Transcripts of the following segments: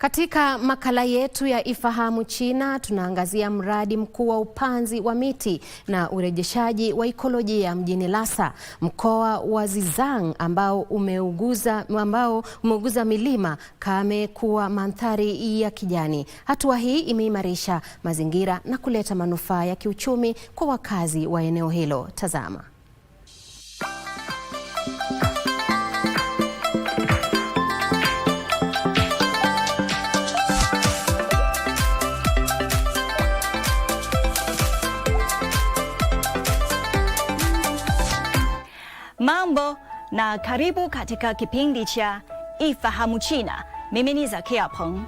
Katika makala yetu ya Ifahamu China tunaangazia mradi mkuu wa upanzi wa miti na urejeshaji wa ikolojia mjini Lhasa, mkoa wa Xizang ambao umeuguza, ambao umeuguza milima kame kuwa mandhari ya kijani. Hatua hii imeimarisha mazingira na kuleta manufaa ya kiuchumi kwa wakazi wa eneo hilo. Tazama. Mambo na karibu katika kipindi cha Ifahamu China. Mimi ni Zakia Peng.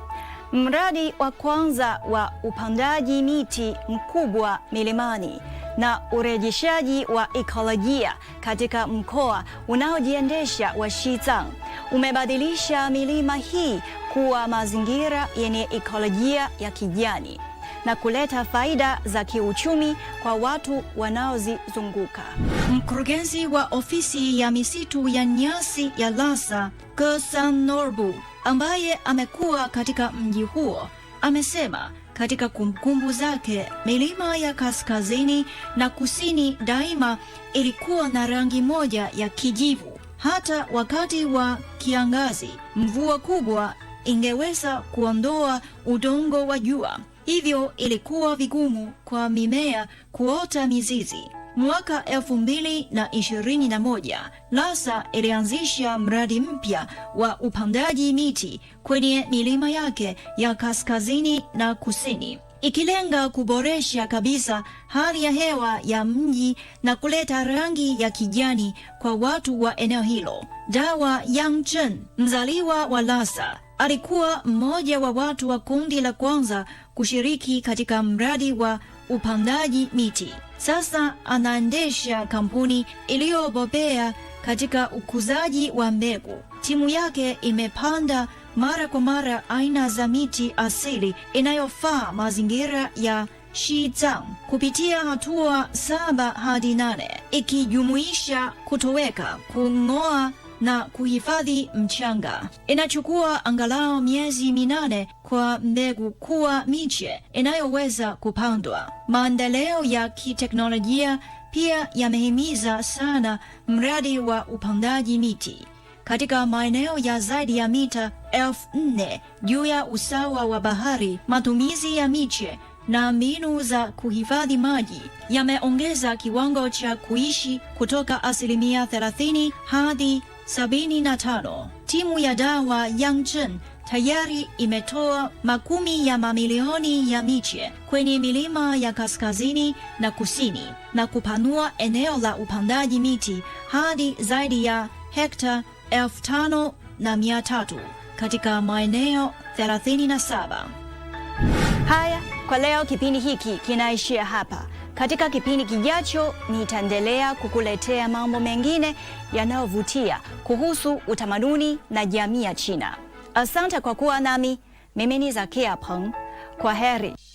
Mradi wa kwanza wa upandaji miti mkubwa milimani na urejeshaji wa ekolojia katika mkoa unaojiendesha wa Xizang umebadilisha milima hii kuwa mazingira yenye ekolojia ya kijani na kuleta faida za kiuchumi kwa watu wanaozizunguka. Mkurugenzi wa ofisi ya misitu ya nyasi ya Lhasa, Gerson Norbu, ambaye amekuwa katika mji huo, amesema katika kumbukumbu zake milima ya kaskazini na kusini daima ilikuwa na rangi moja ya kijivu. Hata wakati wa kiangazi, mvua kubwa ingeweza kuondoa udongo wa jua hivyo ilikuwa vigumu kwa mimea kuota mizizi. Mwaka elfu mbili na ishirini na moja NASA ilianzisha mradi mpya wa upandaji miti kwenye milima yake ya kaskazini na kusini, ikilenga kuboresha kabisa hali ya hewa ya mji na kuleta rangi ya kijani kwa watu wa eneo hilo. Dawa Yang Chen, mzaliwa wa lasa Alikuwa mmoja wa watu wa kundi la kwanza kushiriki katika mradi wa upandaji miti. Sasa anaendesha kampuni iliyobobea katika ukuzaji wa mbegu. Timu yake imepanda mara kwa mara aina za miti asili inayofaa mazingira ya Xizang kupitia hatua saba hadi nane ikijumuisha kutoweka, kung'oa na kuhifadhi mchanga. Inachukua angalau miezi minane kwa mbegu kuwa miche inayoweza kupandwa. Maendeleo ya kiteknolojia pia yamehimiza sana mradi wa upandaji miti katika maeneo ya zaidi ya mita elfu nne juu ya usawa wa bahari. Matumizi ya miche na mbinu za kuhifadhi maji yameongeza kiwango cha kuishi kutoka asilimia 30 hadi 75. Timu ya dawa Yangzhen tayari imetoa makumi ya mamilioni ya miche kwenye milima ya kaskazini na kusini na kupanua eneo la upandaji miti hadi zaidi ya hekta elfu tano na mia tatu katika maeneo 37. Haya kwa leo kipindi hiki kinaishia hapa. Katika kipindi kijacho nitaendelea kukuletea mambo mengine yanayovutia kuhusu utamaduni na jamii ya China. Asante kwa kuwa nami. Mimi ni Zakia Peng. Kwa heri.